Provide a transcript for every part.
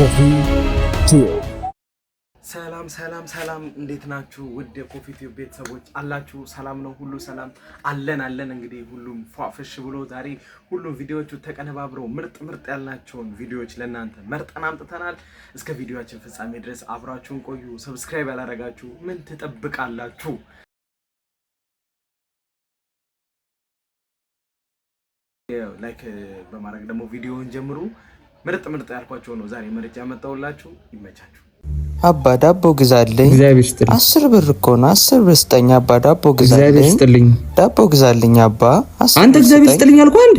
ኮፊ ቲዩብ ሰላም ሰላም ሰላም፣ እንዴት ናችሁ? ውድ የኮፊ ቲዩብ ቤተሰቦች አላችሁ? ሰላም ነው? ሁሉ ሰላም አለን አለን። እንግዲህ ሁሉም ፏፍሽ ብሎ ዛሬ ሁሉም ቪዲዮዎቹ ተቀነባብረው ምርጥ ምርጥ ያልናቸውን ቪዲዮዎች ለእናንተ መርጠን አምጥተናል። እስከ ቪዲዮችን ፍጻሜ ድረስ አብራችሁን ቆዩ። ሰብስክራይብ ያላረጋችሁ ምን ትጠብቃላችሁ? ላይክ በማድረግ ደግሞ ቪዲዮውን ጀምሩ። ምርጥ ምርጥ ያልኳቸው ነው ዛሬ ምርጥ ያመጣውላችሁ። ይመቻችሁ። አባ ዳቦ ግዛልኝ። አስር ብር እኮ ነው። አስር ብር ስጠኝ አባ ዳቦ ግዛልኝ። ዳቦ ግዛልኝ አባ። አንተ እግዚአብሔር ስጥልኝ አልኩ አንድ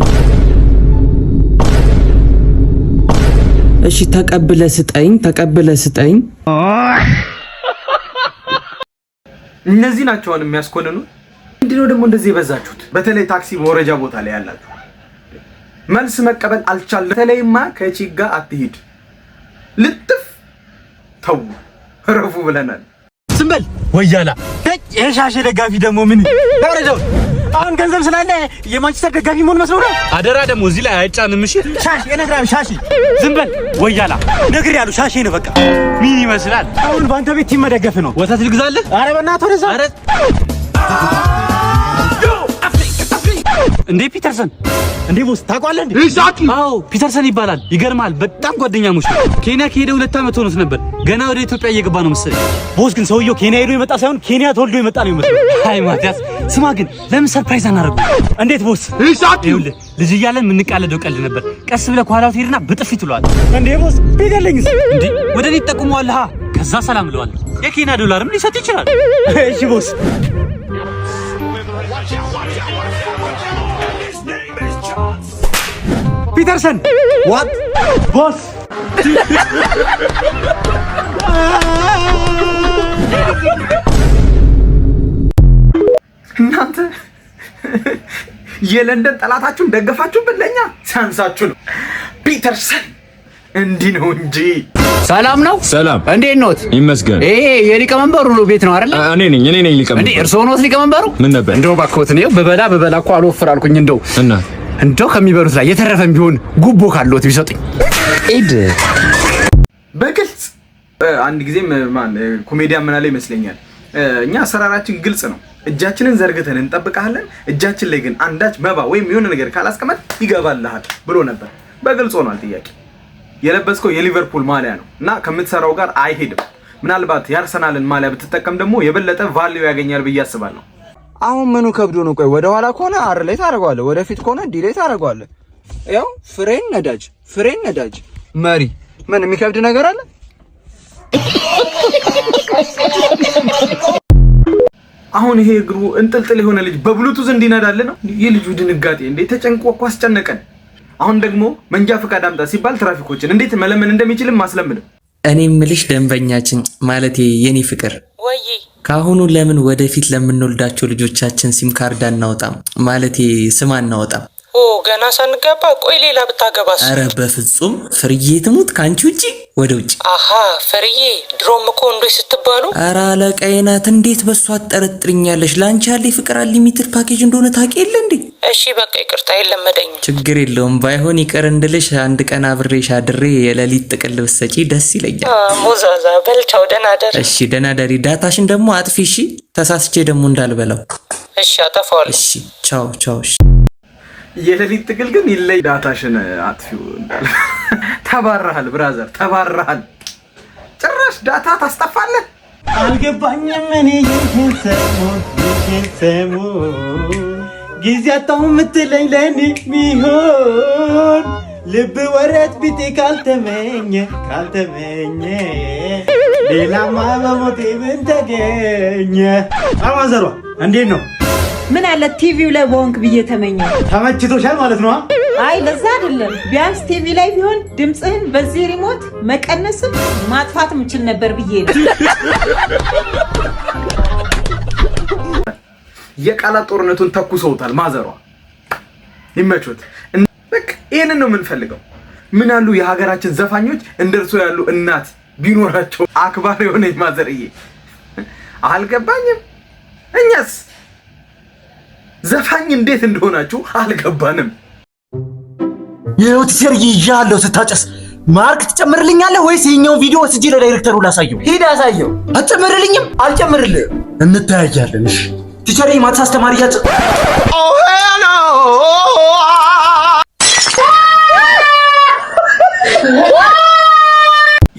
እሺ፣ ተቀብለ ስጠኝ፣ ተቀብለ ስጠኝ። እነዚህ ናቸውን የሚያስኮንኑ? ምንድነው ደግሞ እንደዚህ የበዛችሁት? በተለይ ታክሲ መውረጃ ቦታ ላይ ያላችሁ መልስ መቀበል አልቻለም። በተለይማ ከቺጋ አትሂድ ልጥፍ ተው ረፉ ብለናል። ዝም በል ወያላ። የሻሼ ደጋፊ ደግሞ ምን ያረደው? አሁን ገንዘብ ስላለ የማንቸስተር ደጋፊ መሆን መስሎ ነው። አደራ ደግሞ እዚህ ላይ አይጫንም። እሺ ሻሽ የነግራም ሻሽ ዝም በል ወያላ። ነግሬሃለሁ። ሻሽ ነው በቃ። ምን ይመስላል? አሁን በአንተ ቤት ቲም መደገፍ ነው። ወተት ልግዛለህ? አረ በእናትህ ወደዛ እንዴ ፒተርሰን እንዴ ቦስ ታውቀዋለህ እንዴ? ኢዛኪ አዎ፣ ፒተርሰን ይባላል። ይገርማል፣ በጣም ጓደኛሞች ነው። ኬንያ ከሄደ ሁለት ዓመት ሆኖት ነበር። ገና ወደ ኢትዮጵያ እየገባ ነው መሰለኝ። ቦስ ግን ሰውየው ኬንያ ሄዶ የመጣ ሳይሆን ኬንያ ተወልዶ የመጣ ነው ይመስል። አይ ማቲያስ፣ ስማ ግን ለምን ሰርፕራይዝ አናደርገው? እንዴት ቦስ? ኢዛኪ ይኸውልህ፣ ልጅ እያለን የምንቃለደው ቀልድ ነበር። ቀስ ብለህ ከኋላው ትሄድና በጥፊ ትሏል። እንዴ ቦስ ቢደለኝ እንዴ ወደ እኔ ትጠቁመዋለህ። ከዛ ሰላም ብለዋል። የኬንያ ዶላርም ሊሰጥ ይችላል። እሺ ቦስ Watch watch watch out, out, out, ፒተርሰን ዋት ቦስ እናንተ የለንደን ጠላታችሁን ደገፋችሁብን። ለኛ ሲያንሳችሁ ነው። ፒተርሰን እንዲህ ነው እንጂ ሰላም ነው። ሰላም እንዴት ኖት? ይመስገን። ይሄ የሊቀመንበሩ ነው ቤት ነው አይደል? እኔ ነኝ እኔ ነኝ ሊቀመንበሩ። እንዴ እርስዎ ኖት ሊቀመንበሩ? ምን ነበር እንደው እባክዎት ነው በበላ በበላ እኮ አልወፍር አልኩኝ እንደው እና እንደው ከሚበሉት ላይ የተረፈም ቢሆን ጉቦ ካለዎት ቢሰጡኝ። ኤድ በግልጽ አንድ ጊዜ ማን ኮሜዲያ ምን አለ ይመስለኛል፣ እኛ አሰራራችን ግልጽ ነው። እጃችንን ዘርግተን እንጠብቃለን፣ እጃችን ላይ ግን አንዳች መባ ወይም የሆነ ነገር ካላስቀመጥ ይገባልሃል ብሎ ነበር። በግልጽ ሆኗል። ጥያቄ የለበስከው የሊቨርፑል ማሊያ ነው እና ከምትሰራው ጋር አይሄድም። ምናልባት የአርሰናልን ማሊያ ብትጠቀም ደግሞ የበለጠ ቫሊዮ ያገኛል ብዬ አስባለሁ። አሁን ምኑ ከብዶ ነው? ቆይ ወደኋላ ከሆነ አር ላይ ታደርገዋለህ፣ ወደፊት ከሆነ ዲ ላይ ታደርገዋለህ። ያው ፍሬን ነዳጅ፣ ፍሬን ነዳጅ፣ መሪ። ምን የሚከብድ ነገር አለ? አሁን ይሄ እግሩ እንጥልጥል የሆነ ልጅ በብሉቱዝ እንዲነዳል ነው የልጁ ድንጋጤ። እንዴ ተጨንቆ እኮ አስጨነቀን። አሁን ደግሞ መንጃ ፈቃድ አምጣ ሲባል ትራፊኮችን እንዴት መለመን እንደሚችልም አስለምድም። እኔ ምልሽ ደንበኛችን ማለት የኔ ፍቅር ወይ ከአሁኑ ለምን ወደፊት ለምንወልዳቸው ልጆቻችን ሲም ካርድ አናወጣም? ማለት ስም አናወጣም? ኦ ገና ሳንገባ ቆይ ሌላ ብታገባስ? አረ በፍጹም ፍርዬ ትሙት ከአንቺ ውጪ ወደ ውጭ። አሀ ፍርዬ ድሮም እኮ እንዶች ስትባሉ። አረ አለቃዬ ናት። እንዴት በሷ አጠረጥርኛለሽ? ለአንቺ ያለ ፍቅር አሊሚትድ ፓኬጅ እንደሆነ ታውቂ የለ እንዴ? እሺ በቃ ይቅርታ፣ የለመደኝ ችግር የለውም። ባይሆን ይቅር እንድልሽ አንድ ቀን አብሬሽ አድሬ የሌሊት ጥቅል ብትሰጪ ደስ ይለኛል። ሙዛዛ በልቻው፣ ደናደር። እሺ ደናደሪ። ዳታሽን ደግሞ አጥፊ። እሺ ተሳስቼ ደግሞ እንዳልበለው። እሺ አጠፋዋለሁ። እሺ ቻው ቻው። እሺ የሌሊት ጥቅል ግን ይለይ። ዳታሽን አጥፊው። ተባረሃል ብራዘር፣ ተባረሃል። ጭራሽ ዳታ ታስጠፋለህ። አልገባኝም እኔ ይህን ሰሞን ይህን ሰሞን ጊዜ አጣሁ የምትለኝ ለኔ ሚሆን ልብ ወረት ቢጤ ካልተመኘ ካልተመኘ ሌላማ በሞቴ ምን ተገኘ? አማዘሯ እንዴት ነው? ምን አለ ቲቪው ላይ በወንክ ብዬ ተመኘ። ተመችቶሻል ማለት ነው? አይ በዛ አይደለም። ቢያንስ ቲቪ ላይ ቢሆን ድምፅህን በዚህ ሪሞት መቀነስም ማጥፋት ምችል ነበር ብዬ ነው። የቃላት ጦርነቱን ተኩሰውታል። ማዘሯ ይመቾት። በቃ ይህንን ነው የምንፈልገው። ምን ያሉ የሀገራችን ዘፋኞች እንደርሶ ያሉ እናት ቢኖራቸው አክባሪ የሆነች ማዘርዬ። አልገባኝም። እኛስ ዘፋኝ እንዴት እንደሆናችሁ አልገባንም። የህይወት ሲር ይዣለሁ ስታጨስ ማርክ ትጨምርልኛለህ ወይስ ይህኛውን ቪዲዮ ወስጄ ለዳይሬክተሩ ላሳየው? ሂድ አሳየው። አትጨምርልኝም? አልጨምርልህም። እንተያያለን። እሺ ቲቸር ማትስ አስተማሪ ያጭ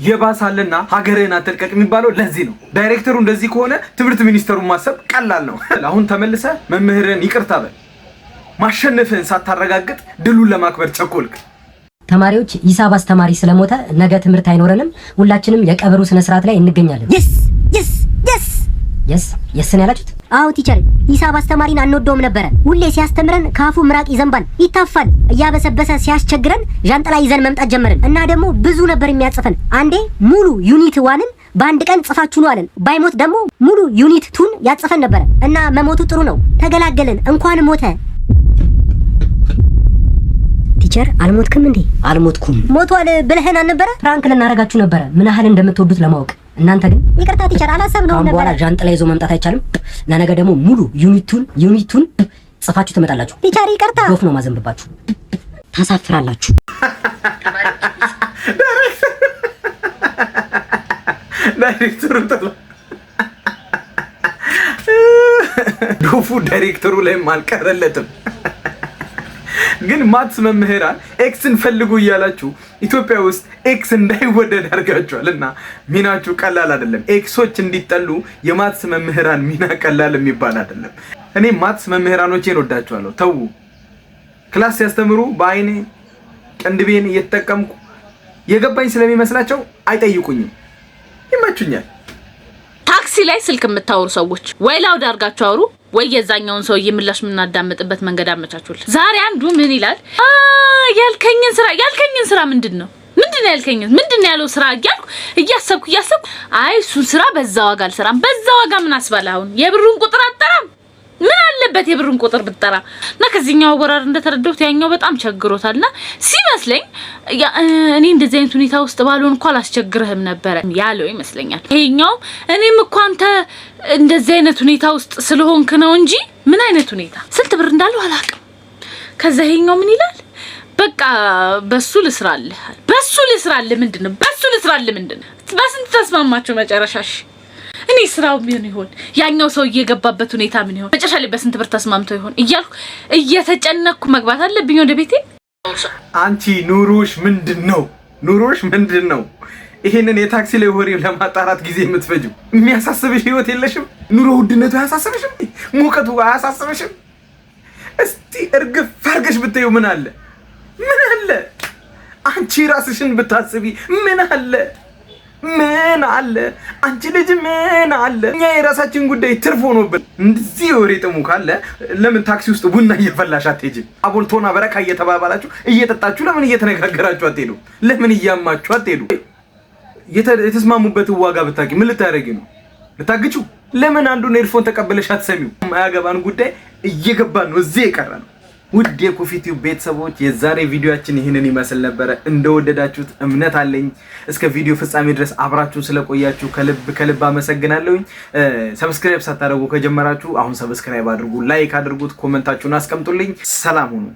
የባሳለና ሀገርህን አትልቀቅ የሚባለው ለዚህ ነው። ዳይሬክተሩ እንደዚህ ከሆነ ትምህርት ሚኒስተሩን ማሰብ ቀላል ነው። አሁን ተመልሰ መምህርን ይቅርታ በል። ማሸነፍህን ሳታረጋግጥ ድሉን ለማክበር ቸኮልክ። ተማሪዎች ሂሳብ አስተማሪ ስለሞተ ነገ ትምህርት አይኖረንም። ሁላችንም የቀብሩ ስነስርዓት ላይ እንገኛለን። የስ የስን ያላችሁት? አዎ ቲቸር፣ ሂሳብ አስተማሪን አንወደውም ነበረ። ሁሌ ሲያስተምረን ካፉ ምራቅ ይዘንባል፣ ይታፋል። እያበሰበሰ ሲያስቸግረን ዣንጥላ ይዘን መምጣት ጀመርን እና ደግሞ ብዙ ነበር የሚያጽፈን። አንዴ ሙሉ ዩኒት ዋንን በአንድ ቀን ጽፋችሁ ነው አለን። ባይሞት ደግሞ ሙሉ ዩኒት ቱን ያጽፈን ነበረ እና መሞቱ ጥሩ ነው። ተገላገልን። እንኳን ሞተ። ቲቸር አልሞትክም እንዴ? አልሞትኩም። ሞቷል ብለህን አልነበረ? ፍራንክ ልናረጋችሁ ነበረ ምን ያህል እንደምትወዱት ለማወቅ እናንተ ግን ይቅርታ ቲቸር ነው ነበር። በኋላ ዣንጥላ ይዞ መምጣት አይቻልም። ለነገ ደግሞ ሙሉ ዩኒቱን ዩኒቱን ጽፋችሁ ትመጣላችሁ። ቲቸር ይቅርታ። ዶፍ ነው ማዘንብባችሁ። ታሳፍራላችሁ። ዳይሬክተሩ ዶፉ ዳይሬክተሩ ላይም አልቀረለትም። ግን ማትስ መምህራን ኤክስን ፈልጉ እያላችሁ ኢትዮጵያ ውስጥ ኤክስ እንዳይወደድ አድርጋችኋል እና ሚናችሁ ቀላል አይደለም። ኤክሶች እንዲጠሉ የማትስ መምህራን ሚና ቀላል የሚባል አይደለም። እኔ ማትስ መምህራኖቼን ወዳችኋለሁ። ተዉ ክላስ ሲያስተምሩ በአይኔ ቅንድቤን እየተጠቀምኩ የገባኝ ስለሚመስላቸው አይጠይቁኝም። ይመቹኛል። ታክሲ ላይ ስልክ የምታወሩ ሰዎች ወይ ላውድ አድርጋችሁ አውሩ ወይ የዛኛውን ሰውዬ ምላሽ የምናዳምጥበት መንገድ አመቻቹል። ዛሬ አንዱ ምን ይላል? ያልከኝን ስራ ያልከኝን ስራ ምንድን ነው ምንድን ነው ምንድን ነው ያለው ስራ እያልኩ እያሰብኩ እያሰብኩ፣ አይ እሱን ስራ በዛ ዋጋ አልሰራም። በዛ ዋጋ ምን አስባለ አሁን የብሩን ቁጥር አጠራም ምን አለበት የብሩን ቁጥር ብጠራ እና ከዚህኛው አወራር እንደተረዳሁት ያኛው በጣም ቸግሮታልና ሲመስለኝ እኔ እንደዚህ አይነት ሁኔታ ውስጥ ባልሆን እኮ አላስቸግርህም ነበረ ያለው ይመስለኛል። ይሄኛው እኔም እኮ አንተ እንደዚህ አይነት ሁኔታ ውስጥ ስለሆንክ ነው እንጂ ምን አይነት ሁኔታ ስንት ብር እንዳለው አላውቅም። ከዛ ይሄኛው ምን ይላል? በቃ በሱ ልስራልህ፣ በሱ ልስራልህ። ምንድን ነው በሱ ልስራልህ? ምንድን ነው በስንት ተስማማችሁ መጨረሻሽ? እኔ ስራው ምን ይሆን ያኛው ሰው እየገባበት ሁኔታ ምን ይሆን መጨረሻ ላይ በስንት ብር ተስማምቶ ይሆን እያልኩ እየተጨነኩ መግባት አለብኝ ወደ ቤቴ። አንቺ ኑሮሽ ምንድን ነው? ኑሮሽ ምንድን ነው? ይሄንን የታክሲ ላይ ወሬ ለማጣራት ጊዜ የምትፈጅው የሚያሳስብሽ ህይወት የለሽም። ኑሮ ውድነቱ አያሳስብሽም፣ ሙቀቱ አያሳስብሽም። እስቲ እርግፍ ፈርገሽ ብትየው ምን አለ ምን አለ አንቺ ራስሽን ብታስቢ ምን አለ ምን አለ አንቺ ልጅ ምን አለ እኛ የራሳችን ጉዳይ ትርፍ ሆኖብን እንደዚህ የወሬ ጥሙ ካለ ለምን ታክሲ ውስጥ ቡና እየፈላሽ አትሄጂም? አቦልቶና በረካ እየተባባላችሁ እየጠጣችሁ ለምን እየተነጋገራችሁ አትሄዱ? ለምን እያማችሁ አትሄዱ? የተስማሙበትን ዋጋ ብታውቂ ምን ልታደርጊ ነው? ልታግጩ? ለምን አንዱን ኤርፎን ተቀበለሽ አትሰሚው? አያገባን ጉዳይ እየገባን ነው። እዚህ የቀረ ነው። ውድ የኮፊቲ ቤተሰቦች የዛሬ ቪዲዮአችን ይህንን ይመስል ነበረ። እንደወደዳችሁት እምነት አለኝ። እስከ ቪዲዮ ፍጻሜ ድረስ አብራችሁን ስለቆያችሁ ከልብ ከልብ አመሰግናለሁኝ። ሰብስክራይብ ሳታደርጉ ከጀመራችሁ አሁን ሰብስክራይብ አድርጉ፣ ላይክ አድርጉት፣ ኮመንታችሁን አስቀምጡልኝ። ሰላም ሁኑ።